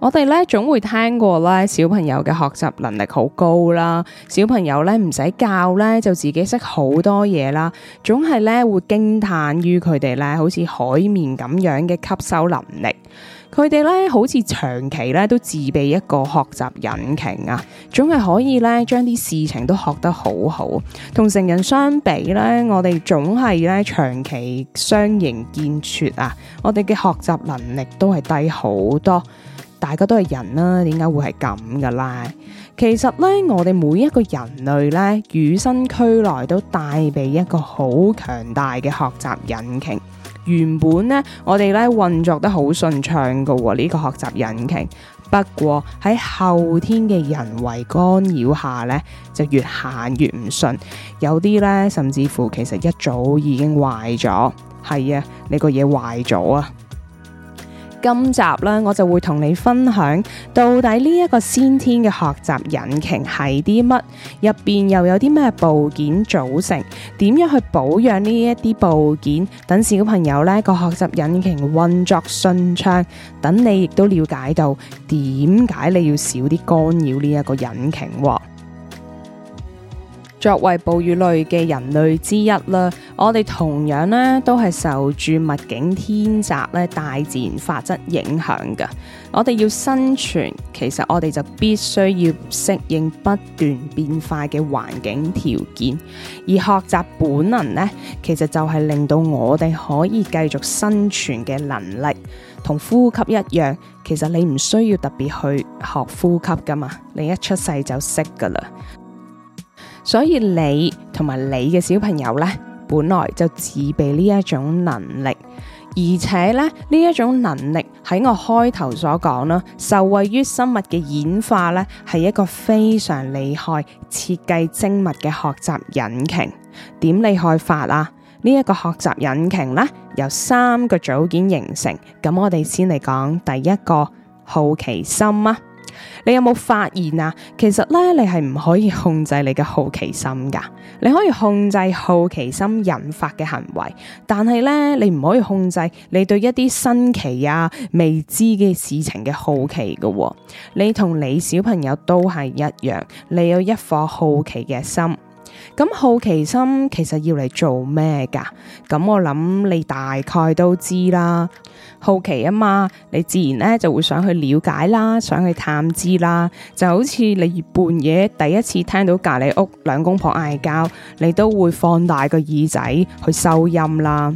我哋咧，總會聽過咧，小朋友嘅學習能力好高啦。小朋友咧，唔使教咧，就自己識好多嘢啦。總係咧會驚嘆於佢哋咧，好似海綿咁樣嘅吸收能力。佢哋咧，好似長期咧都自備一個學習引擎啊。總係可以咧，將啲事情都學得好好。同成人相比咧，我哋總係咧長期相形見絀啊。我哋嘅學習能力都係低好多。大家都係人啦，點解會係咁噶啦？其實咧，我哋每一個人類咧，與生俱來都帶備一個好強大嘅學習引擎。原本咧，我哋咧運作得好順暢噶。呢個學習引擎，不過喺後天嘅人為干擾下咧，就越行越唔順。有啲咧，甚至乎其實一早已經壞咗。係啊，你個嘢壞咗啊！今集咧，我就會同你分享到底呢一個先天嘅學習引擎係啲乜，入邊又有啲咩部件組成，點樣去保養呢一啲部件，等小朋友呢個學習引擎運作順暢，等你亦都了解到點解你要少啲干擾呢一個引擎。作為哺乳類嘅人類之一啦，我哋同樣咧都係受住物競天擇咧大自然法則影響嘅。我哋要生存，其實我哋就必須要適應不斷變化嘅環境條件。而學習本能呢，其實就係令到我哋可以繼續生存嘅能力，同呼吸一樣。其實你唔需要特別去學呼吸噶嘛，你一出世就識噶啦。所以你同埋你嘅小朋友呢，本來就自備呢一種能力，而且呢呢一種能力喺我開頭所講啦，受惠於生物嘅演化呢，係一個非常厲害、設計精密嘅學習引擎。點厲害法啊？呢、這、一個學習引擎呢，由三個組件形成。咁我哋先嚟講第一個好奇心啊！你有冇發現啊？其實咧，你係唔可以控制你嘅好奇心噶。你可以控制好奇心引發嘅行為，但係咧，你唔可以控制你對一啲新奇啊、未知嘅事情嘅好奇噶。你同你小朋友都係一樣，你有一顆好奇嘅心。咁好奇心其實要嚟做咩噶？咁我諗你大概都知啦。好奇啊嘛，你自然咧就會想去了解啦，想去探知啦。就好似你半夜第一次聽到隔籬屋兩公婆嗌交，你都會放大個耳仔去收音啦。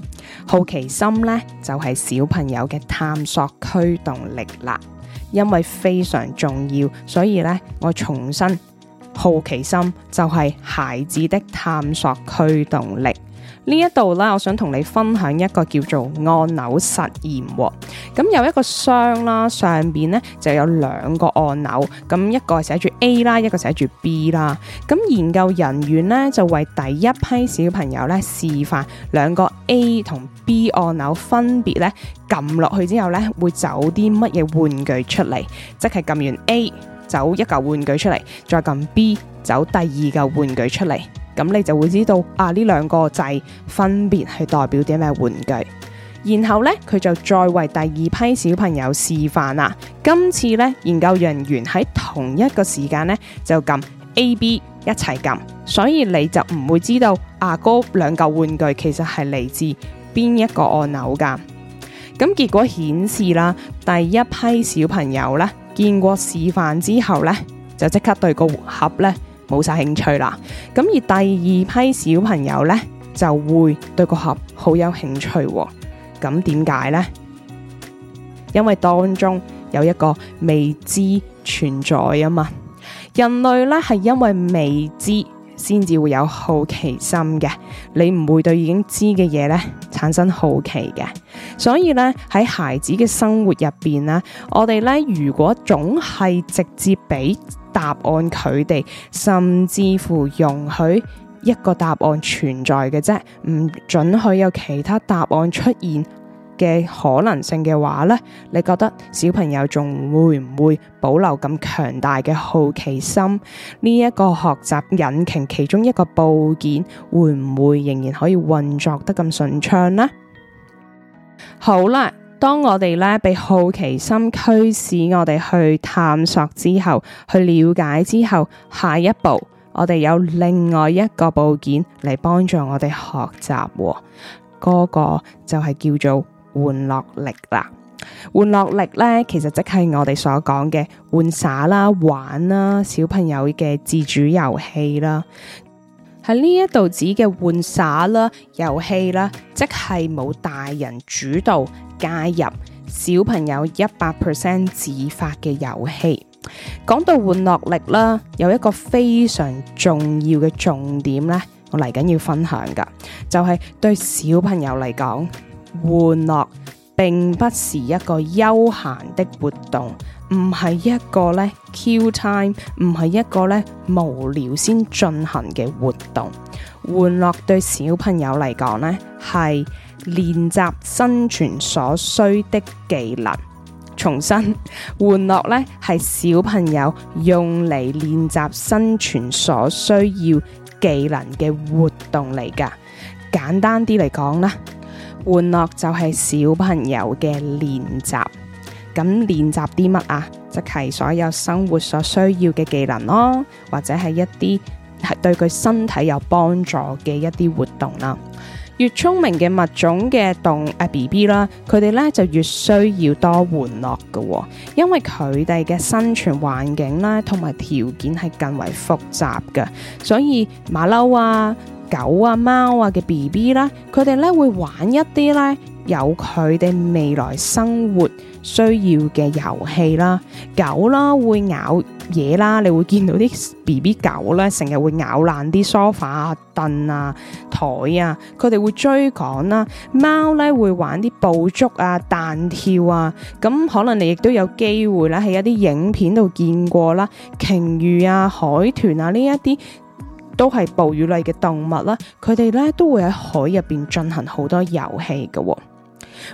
好奇心咧就係小朋友嘅探索驅動力啦，因為非常重要，所以咧我重新。好奇心就係、是、孩子的探索驅動力。這裏呢一度啦，我想同你分享一個叫做按鈕實驗。咁有一個箱啦，上邊呢就有兩個按鈕，咁一個係寫住 A 啦，一個寫住 B 啦。咁研究人員呢，就為第一批小朋友呢示範兩個 A 同 B 按鈕分別呢撳落去之後呢，會走啲乜嘢玩具出嚟，即係撳完 A。走一嚿玩具出嚟，再撳 B，走第二嚿玩具出嚟，咁你就會知道啊呢兩個掣分別係代表啲咩玩具。然後呢，佢就再為第二批小朋友示範啦。今次呢，研究人員喺同一個時間呢，就撳 A、B 一齊撳，所以你就唔會知道啊嗰兩嚿玩具其實係嚟自邊一個按鈕噶。咁結果顯示啦，第一批小朋友呢。見過示範之後呢，就即刻對個盒呢冇晒興趣啦。咁而第二批小朋友呢，就會對個盒好有興趣。咁點解呢？因為當中有一個未知存在啊嘛。人類呢，係因為未知。先至會有好奇心嘅，你唔會對已經知嘅嘢咧，產生好奇嘅。所以咧，喺孩子嘅生活入邊啦，我哋咧如果總係直接俾答案佢哋，甚至乎容許一個答案存在嘅啫，唔准許有其他答案出現。嘅可能性嘅話咧，你覺得小朋友仲會唔會保留咁強大嘅好奇心？呢一個學習引擎其中一個部件會唔會仍然可以運作得咁順暢咧？好啦，當我哋咧被好奇心驅使，我哋去探索之後，去了解之後，下一步我哋有另外一個部件嚟幫助我哋學習，嗰個就係叫做。玩樂力啦，玩樂力咧，其實即係我哋所講嘅玩耍啦、玩啦、小朋友嘅自主遊戲啦。喺呢一度指嘅玩耍啦、遊戲啦，即係冇大人主導介入小朋友一百 percent 自發嘅遊戲。講到玩樂力啦，有一個非常重要嘅重點咧，我嚟緊要分享噶，就係、是、對小朋友嚟講。玩樂並不是一個休閒的活動，唔係一個咧 kill time，唔係一個咧無聊先進行嘅活動。玩樂對小朋友嚟講呢，係練習生存所需的技能。重申，玩樂呢係小朋友用嚟練習生存所需要技能嘅活動嚟噶。簡單啲嚟講啦。玩樂就係小朋友嘅練習，咁練習啲乜啊？即係所有生活所需要嘅技能咯，或者係一啲係對佢身體有幫助嘅一啲活動啦。越聰明嘅物種嘅動物，比如 B B 啦，佢哋咧就越需要多玩樂嘅，因為佢哋嘅生存環境啦，同埋條件係更為複雜嘅，所以馬騮啊。狗啊、貓啊嘅 B B 啦，佢哋咧會玩一啲咧有佢哋未來生活需要嘅遊戲啦。狗啦、啊、會咬嘢啦，你會見到啲 B B 狗啦成日會咬爛啲梳化、凳啊、台啊。佢哋、啊、會追趕啦，貓咧會玩啲捕捉啊、彈跳啊。咁可能你亦都有機會啦，喺一啲影片度見過啦，鯨魚啊、海豚啊呢一啲。都係哺乳類嘅動物啦，佢哋咧都會喺海入邊進行好多遊戲嘅，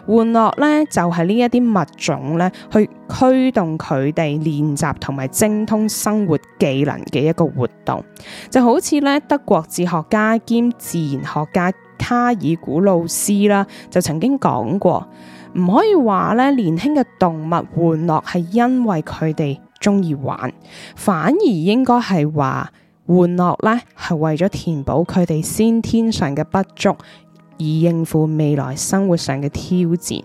玩樂咧就係呢一啲物種咧去驅動佢哋練習同埋精通生活技能嘅一個活動，就好似咧德國哲學家兼自然學家卡爾古魯斯啦，就曾經講過，唔可以話咧年輕嘅動物玩樂係因為佢哋中意玩，反而應該係話。玩樂咧係為咗填補佢哋先天上嘅不足，以應付未來生活上嘅挑戰。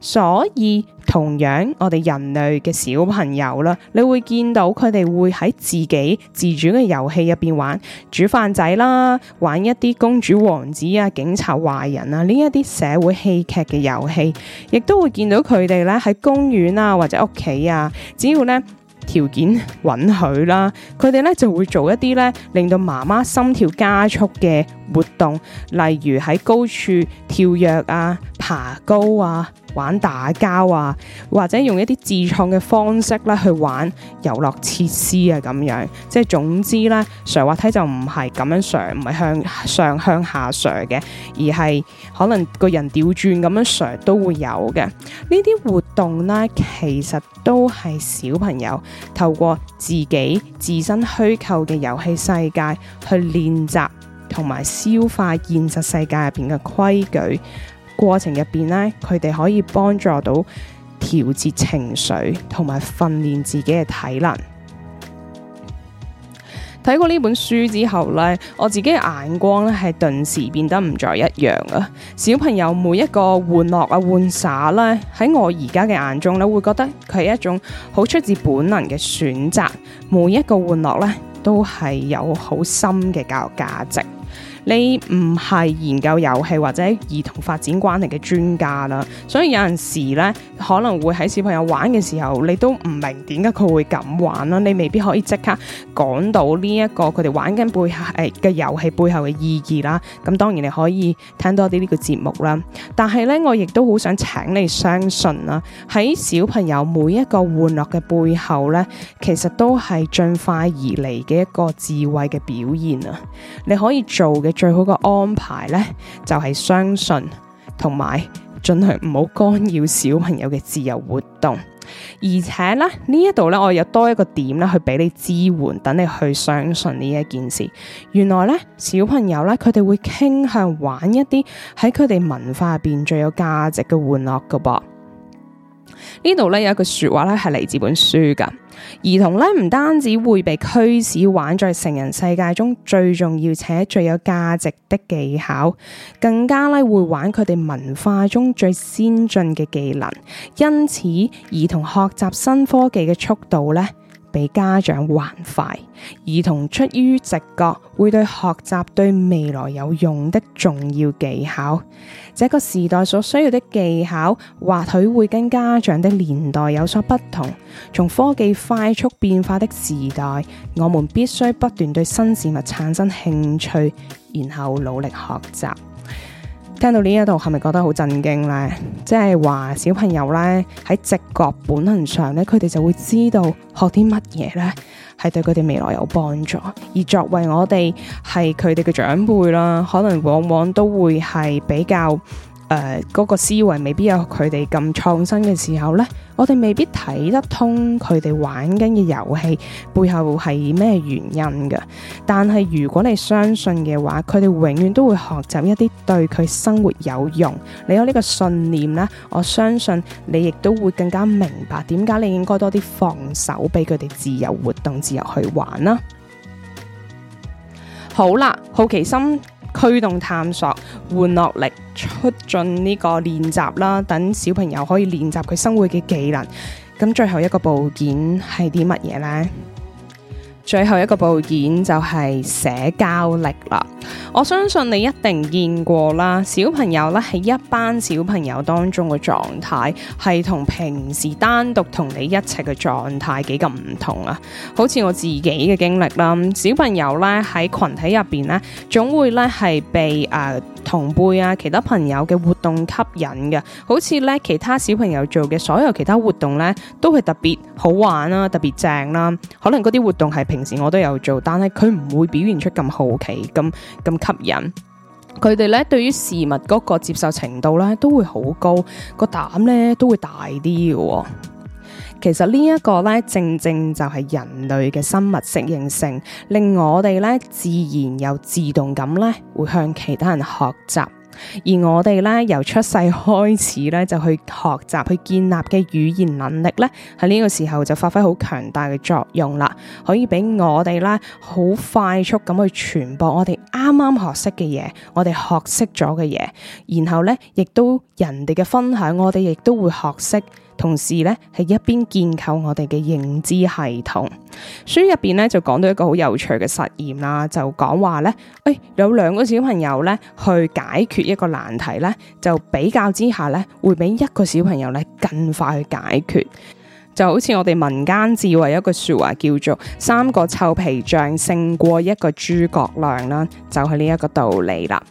所以同樣我哋人類嘅小朋友啦，你會見到佢哋會喺自己自主嘅遊戲入邊玩煮飯仔啦，玩一啲公主王子啊、警察壞人啊呢一啲社會戲劇嘅遊戲，亦都會見到佢哋咧喺公園啊或者屋企啊，只要咧。條件允許啦，佢哋呢就會做一啲呢令到媽媽心跳加速嘅活動，例如喺高處跳躍啊、爬高啊。玩打交啊，或者用一啲自創嘅方式咧去玩遊樂設施啊，咁樣即係總之咧，上滑梯，就唔係咁樣上，唔係向上向下上嘅，而係可能個人掉轉咁樣上都會有嘅。呢啲活動呢，其實都係小朋友透過自己自身虛構嘅遊戲世界去練習同埋消化現實世界入邊嘅規矩。過程入邊呢，佢哋可以幫助到調節情緒，同埋訓練自己嘅體能。睇過呢本書之後呢，我自己嘅眼光咧係頓時變得唔再一樣啊！小朋友每一個玩樂啊玩耍，呢，喺我而家嘅眼中咧，會覺得佢係一種好出自本能嘅選擇。每一個玩樂呢，都係有好深嘅教育價值。你唔係研究遊戲或者兒童發展關係嘅專家啦，所以有陣時咧可能會喺小朋友玩嘅時候，你都唔明點解佢會噉玩啦，你未必可以即刻講到呢一個佢哋玩緊背後嘅遊戲背後嘅意義啦。咁當然你可以聽多啲呢個節目啦，但係咧我亦都好想請你相信啦，喺小朋友每一個玩樂嘅背後咧，其實都係進化而嚟嘅一個智慧嘅表現啊！你可以做嘅。最好嘅安排呢，就係相信，同埋盡量唔好干擾小朋友嘅自由活動。而且呢，呢一度呢，我有多一個點呢，去俾你支援，等你去相信呢一件事。原來呢，小朋友呢，佢哋會傾向玩一啲喺佢哋文化入邊最有價值嘅玩樂噶噃。呢度咧有一句說話咧係嚟自本書噶，兒童咧唔單止會被驅使玩在成人世界中最重要且最有價值的技巧，更加咧會玩佢哋文化中最先進嘅技能，因此兒童學習新科技嘅速度咧。比家長還快，兒童出於直覺會對學習、對未來有用的重要技巧。這個時代所需要的技巧，或許會跟家長的年代有所不同。從科技快速變化的時代，我們必須不斷對新事物產生興趣，然後努力學習。聽到呢一度係咪覺得好震驚呢？即係話小朋友呢，喺直覺本能上呢，佢哋就會知道學啲乜嘢呢，係對佢哋未來有幫助。而作為我哋係佢哋嘅長輩啦，可能往往都會係比較。誒，嗰個思維未必有佢哋咁創新嘅時候呢，我哋未必睇得通佢哋玩緊嘅遊戲背後係咩原因嘅。但係如果你相信嘅話，佢哋永遠都會學習一啲對佢生活有用。你有呢個信念呢，我相信你亦都會更加明白點解你應該多啲放手俾佢哋自由活動、自由去玩啦。好啦，好奇心。驅動探索、玩樂力，促進呢個練習啦，等小朋友可以練習佢生活嘅技能。咁最後一個部件係啲乜嘢呢？最後一個部件就係社交力啦。我相信你一定見過啦，小朋友咧喺一班小朋友當中嘅狀態，係同平時單獨同你一齊嘅狀態幾咁唔同啊！好似我自己嘅經歷啦，小朋友咧喺群體入邊咧，總會咧係被誒、呃、同輩啊、其他朋友嘅活動吸引嘅。好似咧其他小朋友做嘅所有其他活動咧，都係特別好玩啊，特別正啦。可能嗰啲活動係平時我都有做，但係佢唔會表現出咁好奇、咁咁。吸引佢哋咧，對於事物嗰個接受程度咧，都會好高，個膽咧都會大啲嘅。其實呢一個咧，正正就係人類嘅生物適應性形成，令我哋咧自然又自動咁咧，會向其他人學習。而我哋咧由出世開始咧就去學習去建立嘅語言能力咧，喺呢個時候就發揮好強大嘅作用啦，可以俾我哋咧好快速咁去傳播我哋啱啱學識嘅嘢，我哋學識咗嘅嘢，然後咧亦都人哋嘅分享，我哋亦都會學識，同時咧係一邊建構我哋嘅認知系統。書入邊咧就講到一個好有趣嘅實驗啦，就講話咧，誒有兩個小朋友咧去解決。一個難題咧，就比較之下咧，會比一個小朋友咧更快去解決，就好似我哋民間智慧一句說話叫做三個臭皮匠勝過一個諸葛亮啦，就係呢一個道理啦。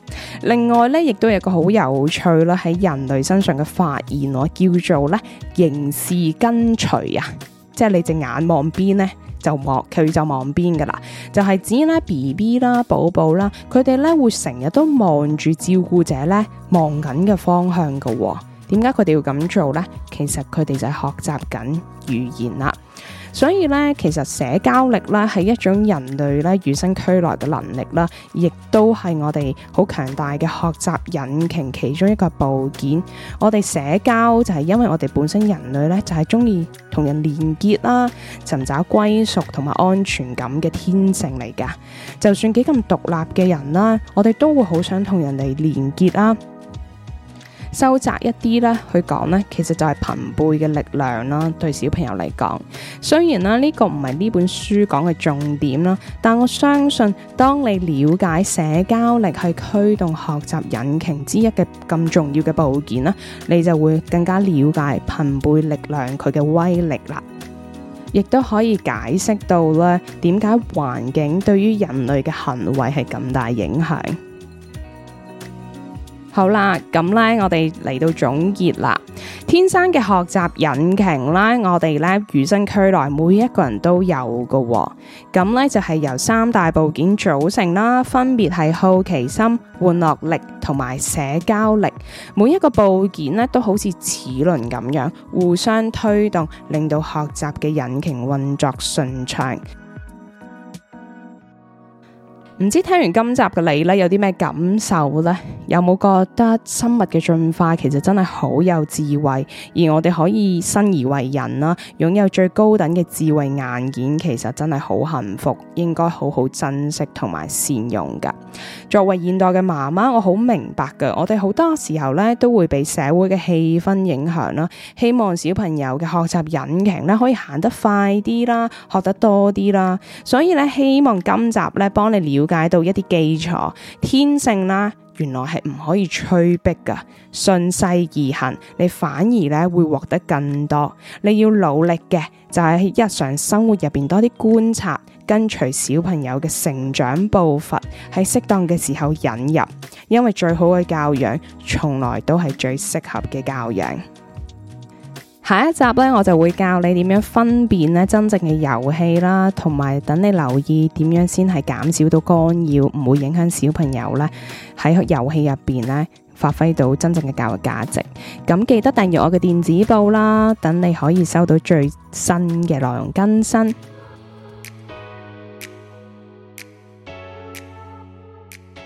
另外咧，亦都有一個好有趣啦喺人類身上嘅發現，我叫做咧凝視跟隨啊，即係你隻眼望邊咧。就望佢就望邊噶啦，就係、是、指啦 B B 啦寶寶啦，佢哋咧會成日都望住照顧者咧望緊嘅方向噶、哦，點解佢哋會咁做呢？其實佢哋就係學習緊語言啦。所以咧，其實社交力咧係一種人類咧與生俱來嘅能力啦，亦都係我哋好強大嘅學習引擎其中一個部件。我哋社交就係因為我哋本身人類咧就係中意同人連結啦，尋找歸屬同埋安全感嘅天性嚟噶。就算幾咁獨立嘅人啦，我哋都會好想同人哋連結啦。收窄一啲咧，去講咧，其實就係朋輩嘅力量啦。對小朋友嚟講，雖然啦呢個唔係呢本書講嘅重點啦，但我相信當你了解社交力係驅動學習引擎之一嘅咁重要嘅部件啦，你就會更加了解朋輩力量佢嘅威力啦，亦都可以解釋到咧點解環境對於人類嘅行為係咁大影響。好啦，咁呢，我哋嚟到總結啦。天生嘅學習引擎呢，我哋呢，與生俱來，每一個人都有嘅。咁呢，就係由三大部件組成啦，分別係好奇心、玩樂力同埋社交力。每一個部件呢，都好似齒輪咁樣，互相推動，令到學習嘅引擎運作順暢。唔知聽完今集嘅你呢，有啲咩感受呢？有冇覺得生物嘅進化其實真係好有智慧，而我哋可以生而為人啦，擁有最高等嘅智慧硬件，其實真係好幸福，應該好好珍惜同埋善用噶。作為現代嘅媽媽，我好明白噶，我哋好多時候呢，都會被社會嘅氣氛影響啦。希望小朋友嘅學習引擎呢，可以行得快啲啦，學得多啲啦。所以呢，希望今集呢幫你了解、解到一啲基礎天性啦，啊，原來係唔可以催逼㗎，順勢而行，你反而咧會獲得更多。你要努力嘅就係、是、日常生活入面多啲觀察，跟隨小朋友嘅成長步伐，喺適當嘅時候引入，因為最好嘅教養，從來都係最適合嘅教養。下一集咧，我就會教你點樣分辨咧真正嘅遊戲啦，同埋等你留意點樣先係減少到干擾，唔會影響小朋友咧喺遊戲入邊咧發揮到真正嘅教育價值。咁記得訂閱我嘅電子報啦，等你可以收到最新嘅內容更新。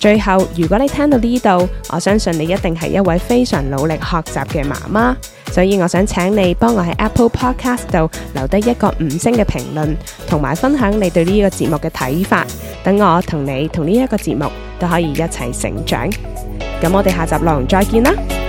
最後，如果你聽到呢度，我相信你一定係一位非常努力學習嘅媽媽，所以我想請你幫我喺 Apple Podcast 度留低一個五星嘅評論，同埋分享你對呢個節目嘅睇法，等我同你同呢一個節目都可以一齊成長。咁我哋下集內容再見啦。